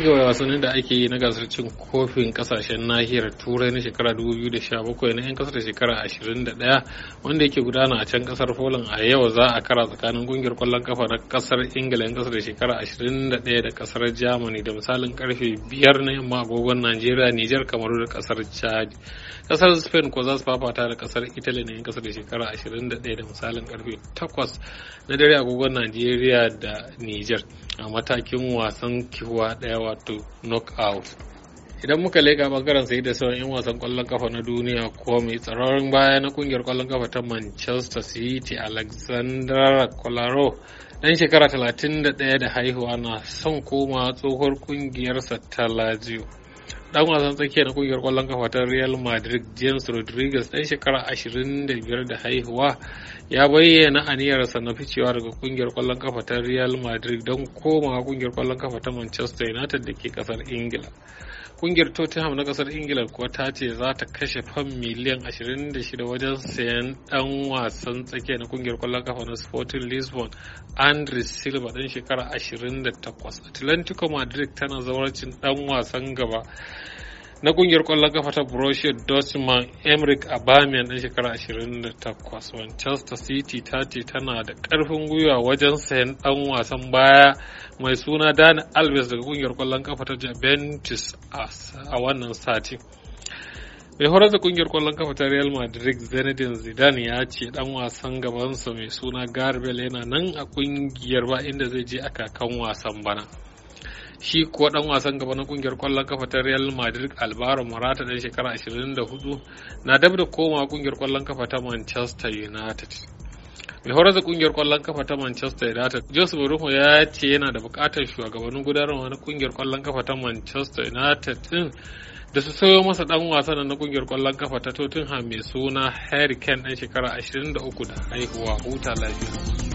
ci gaba wasannin da ake yi na gasar cin kofin kasashen nahiyar turai na shekara 2017 na 'yan kasar da shekara 21 wanda yake gudana a can kasar poland a yau za a kara tsakanin kungiyar kwallon kafa na kasar ingila 'yan kasar da shekara 21 da kasar germany da misalin karfe 5 na yamma agogon nigeria niger kamaru da kasar chad kasar spain ko za su fafata da kasar italy na 'yan kasar da shekara 21 da misalin karfe 8 na dare agogon nigeria da niger a matakin wasan kiwa daya wato knockout idan muka leka bangaren sai da sauran 'yan wasan kwallon kafa na duniya ko mai tsaron baya na kungiyar ƙwallon kafa ta manchester city alexander kolaro dan shekara 31 da haihuwa na son koma tsohuwar kungiyarsa ta lazio dan wasan tsakiya na kungiyar kwallon kafa ta Real Madrid James Rodriguez dan shekara 25 da haihuwa ya bayyana aniyarsa na ficewa daga kungiyar kwallon kafa ta Real Madrid don komawa kungiyar kwallon kafa ta Manchester United da ke kasar Ingila. Kungiyar Tottenham na kasar Ingila kuwa ta ce za ta kashe fam miliyan 26 wajen sayan dan wasan tsakiya na kungiyar kwallon kafa na Sporting Lisbon Andre Silva dan shekara 28. Atlantico Madrid tana zawarcin dan wasan gaba na kungiyar kwallon kafa ta Borussia Dortmund Emric Aubameyang dan shekara 28 Manchester City ta ce tana da karfin gwiwa wajen sayan ɗan wasan baya mai suna Dani Alves daga kungiyar kwallon kafa ta Juventus a wannan sati. mai horar da kungiyar kwallon kafa ta real madrid zinedine zidane ya ce ɗan wasan gabansa mai suna garbel yana nan a kungiyar ba inda zai je a kakan wasan bana shi kuwa dan wasan gaba na kungiyar kwallon kafa ta Real Madrid Alvaro Marata dan shekara 24 na dab da koma kungiyar kwallon kafa ta Manchester United mai horar da kungiyar kwallon kafa ta Manchester United Jose Mourinho ya ce yana da bukatar shugabannin gudanarwa na kungiyar kwallon kafa ta Manchester United din da su sayo masa dan wasan na kungiyar kwallon kafa ta Tottenham mai suna Harry Kane dan shekara 23 da haihuwa huta lafiya